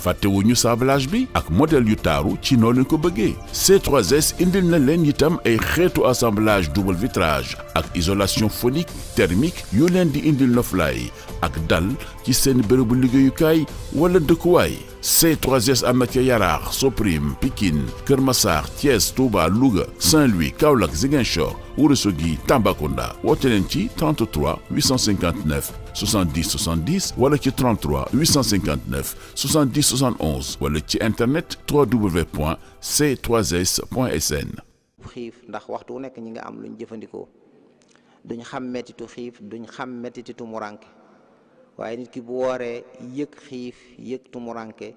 fàttewuñu sablage bi ak modèle yu taaru ci noo leen ko bëggee c 3 indil na leen itam ay xeetu assemblage double vitrage ak isolation phonique thermique yu leen di indil noflaay ak dal ci seen bërëbu liggéeyukaay wala dëkkuwaay C3S am na ca Yaraax Soprim Pikine Kër Massar Thiès Touba Louga Saint-Louis Kaolack Ziguinchor Ourossogui Tambacounda woote leen ci 33 859 70 70 wala ci 33 859 70 71 wala ci internet www.c3s.sn. xiif ndax waxtu wu nekk ñi nga am luñ jëfandikoo duñ xam mettitu xiif duñ xam mettitu muranke waaye nit ki bu wooree yëg xiif yëg tumuranke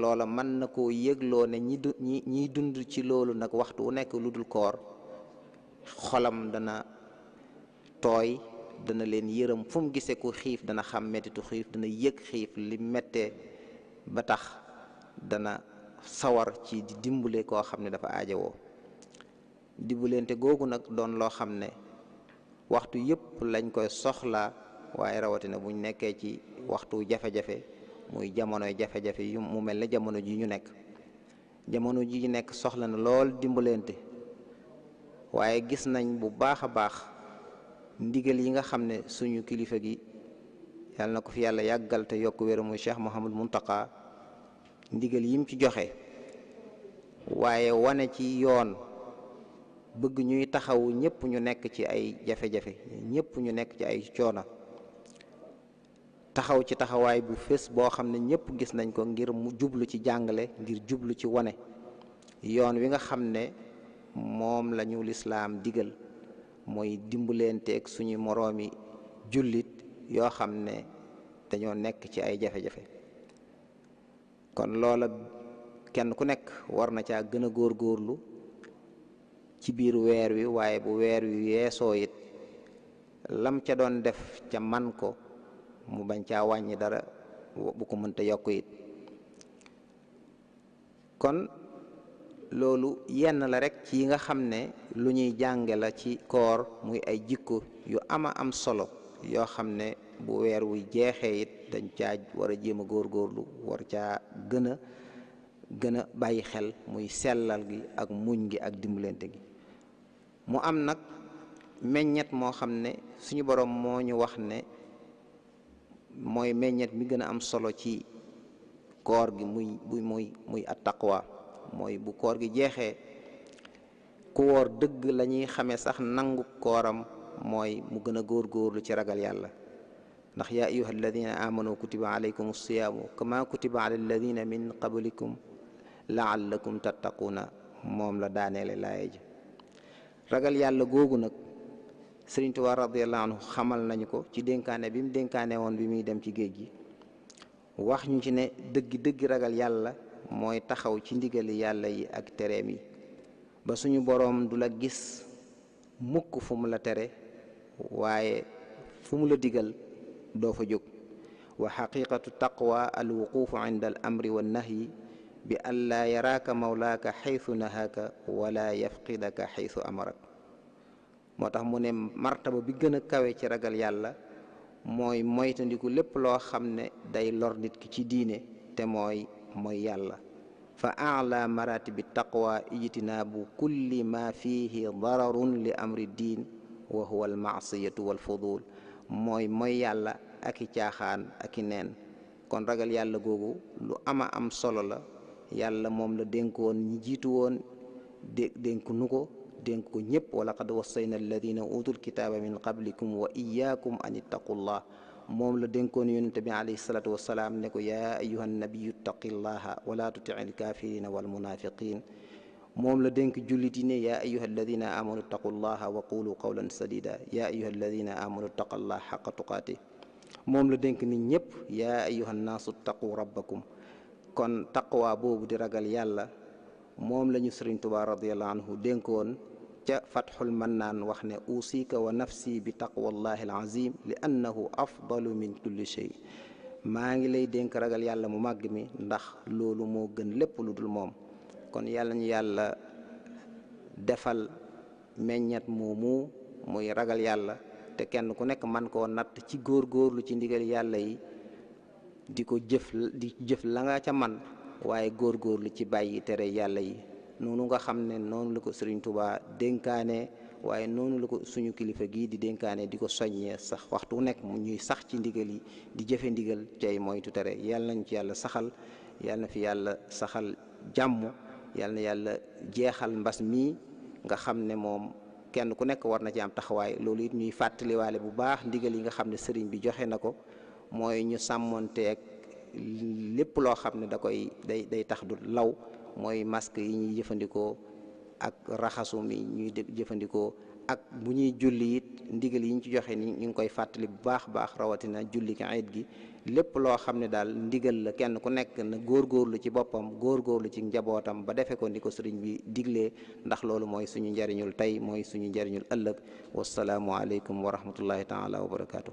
loola mën na koo yëgloo ne ñi du ñi ñiy dund ci loolu nag waxtu wu nekk lu dul koor xolam dana tooy dana leen yërëm fu mu gisee ku xiif dana xam mettitu xiif dana yëg xiif li mettee ba tax dana sawar ci di dimbale koo xam ne dafa aajowoo dimbalante googu nag doon loo xam ne waxtu yépp lañ koy soxla waaye rawatina buñ nekkee ci waxtu jafe-jafe muy jamonoy jafe-jafe yu mu mel ne jamono ji ñu nekk jamono ji ñu nekk soxla na lool dimbalente waaye gis nañ bu baax a baax ndigal yi nga xam ne suñu kilifa gi yàlla na ko fi yàlla yàggal te yokk wér muy Cheikh Mouhamadou Mountakha ndigal yim ci joxe waaye wane ci yoon bëgg ñuy taxawu ñëpp ñu nekk ci ay jafe-jafe ñëpp ñu nekk ci ay coona taxaw ci taxawaay bu fés boo xam ne ñëpp gis nañ ko ngir mu jublu ci jàngale ngir jublu ci wane yoon wi nga xam ne moom lañu lislaam digal mooy dimbalanteeg suñu moroomi jullit yoo xam ne dañoo nekk ci ay jafe-jafe kon loola kenn ku nekk war na caa gën góor góorlu ci biir weer wi waaye bu weer wi yeesoo it lam ca doon def ca man ko mu bañ caa wàññi dara bu ko mënta yokk it kon loolu yenn la rekk ci yi nga xam ne lu ñuy jànge la ci koor muy ay jikko yu ama am solo yoo xam ne bu weer wuy jeexe it dañ caa war a jéem a góorlu war caa gën a gën a bàyyi xel muy sellal gi ak muñ gi ak dimbalante gi mu am nag meññet moo xam ne suñu boroom moo ñu wax ne mooy meññet mi gën a am solo ci koor gi muy muy muy attaqwa mooy bu koor gi jeexee ku woor dëgg la ñuy xamee sax nangu kooram mooy mu gën a góor góorgóorlu ci ragal yàlla ndax yaa ayuha alladina amanu kutiba alaykum alsiyaamu kama kutiba ala alladina min qablikum laallakum tattaquuna moom la daaneele laaye ragal yàlla googu nag sëriñ Tuubaa radiyallaahu anhu xamal nañu ko ci dénkaane bi mu dénkaane woon bi muy dem ci géej gi wax ñu ci ne dëgg dëgg ragal yàlla mooy taxaw ci ndigal yàlla yi ak tereem yi ba suñu boroom du la gis mukk fu mu la tere waaye fu mu la digal doo fa jóg wa xaqiqatu taqwa al wuqufu inda wa nahyi bi an laa yaraaka mawlaaka xaytu nahaaka wala yafqidaka xaytu amarak moo tax mu ne martaba bi gën a kawe ci ragal yàlla mooy moytandiku lépp loo xam ne day lor nit ki ci diine te mooy mooy yàlla fa bi takkuwa taqwa ijtinaabu kulli ma fihi dararun li amri diin wa huwa almaasiyatu walfudul mooy moy yàlla aki caaxaan aki neen kon ragal yàlla googu lu ama am solo la yàlla moom la dénkoon ñi jiitu woon dénk nu ko dénk ko ñëpp wala qad wassayna alladina utul kitaaba min qablikum wa iyaakum an ittaqullah moom la dénkoon yonent bi alayhi salaatu wassalaam ne ko yaa ayuha nabiyu ittaqillaha wala tuti al kafirina wal munafiqin moom la dénk jullit yi ne yaa ayuha alladina amanu ittaqullaha wa qulu qawlan sadida yaa ayuha alladina amanu ittaqullaha xaqa tuqaati moom la dénk nit ñëpp yaa ayuha nnaasu ittaqu rabbakum kon taqwa boobu di ragal yàlla moom la ñu sëriñ Tuubaa radiyallahu anhu dénkoon ca fatxul mannaan wax ne uusika wa nafsi bi taqwallahi alazim li annahu afdalu min kulli shay maa ngi lay dénk ragal yàlla mu màgg mi ndax loolu moo gën lépp lu dul moom kon yàlla ñu yàlla defal meññat moomu muy ragal yàlla te kenn ku nekk man koo natt ci góor-góorlu ci ndigal yàlla yi di ko jëf di jëf la nga ca man waaye góor-góorlu ci bàyyi tere yàlla yi noonu nga xam ne noonu la ko sëriñ Touba dénkaane waaye noonu la ko suñu kilifa gii di dénkaane di ko soññee sax waxtu nekk mu ñuy sax ci ndigal yi di jëfe ndigal cay moytu tere yàlla nañ ci yàlla saxal yàlla na fi yàlla saxal jàmm yàlla na yàlla jeexal mbas mii nga xam ne moom kenn ku nekk war na ci am taxawaay loolu it ñuy fàttaliwaale bu baax ndigal yi nga xam ne sëriñ bi joxe na ko mooy ñu sàmmonteeg lépp loo xam ne da koy day day tax du law mooy masque yi ñuy jëfandikoo ak raxasum yi ñuy jëfandikoo ak bu ñuy julli it ndigal yi ñu ci joxe ni ñu ngi koy fàttali bu baax baax rawatina julli ki gi lépp loo xam ne daal ndigal la kenn ku nekk na góor góorgóorlu ci boppam góor góorgóorlu ci njabootam ba defee ko ni ko sëriñ bi digle ndax loolu mooy suñu njariñul tey mooy suñu njariñul ëllëg wasalaamu aleykum wa rahmatullahi taala wa barakaatu.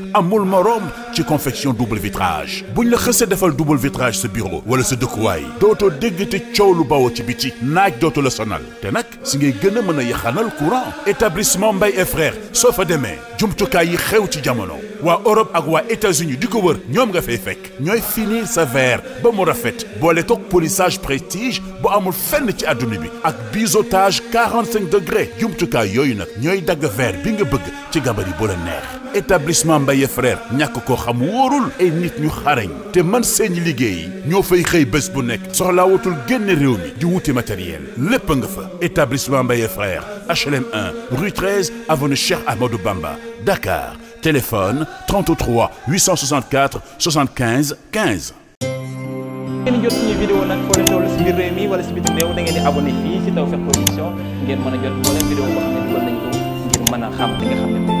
amul morom ci confection double vitrage buñ la xësee defal double vitrage sa bureau wala sa dëkkuwaay dootoo dégg te coow lu bawoo ci biti naaj dootu la sonal te nag si ngay gën a mën a yaxanal courant établissement Mbaye et frères soo fa demee jumtukaay yi xew ci jamono waa Europe ak waa États-Unis di ko wër ñoom nga fay fekk ñooy finir sa verre ba mu rafet boole koog polisage prestige bu amul fenn ci adduna bi ak biseautage 45 degrés jumtukaay yooyu nag ñooy dagg verre bi nga bëgg ci gabari bu la neex. établissement Mbaye frère ñàkk koo xam wóorul ay nit ñu xarañ te man seeni liggéey ñoo fay xëy bés bu nekk soxlaa watul génn réew mi di wuti matériel lépp nga fa établissement Mbaye frère HLM 1 rue 13 avenue Cheikh Amadou Bamba Dakar téléphone 33 864 75 15. ngeen jot suñu vidéo nag foo leen toll si biir réew mi wala si bitim réew da ngeen di abonné fii si Tawfekh Production ngeen mën a jot moo leen vidéo boo ne dugal nañ ko ngir mën a xam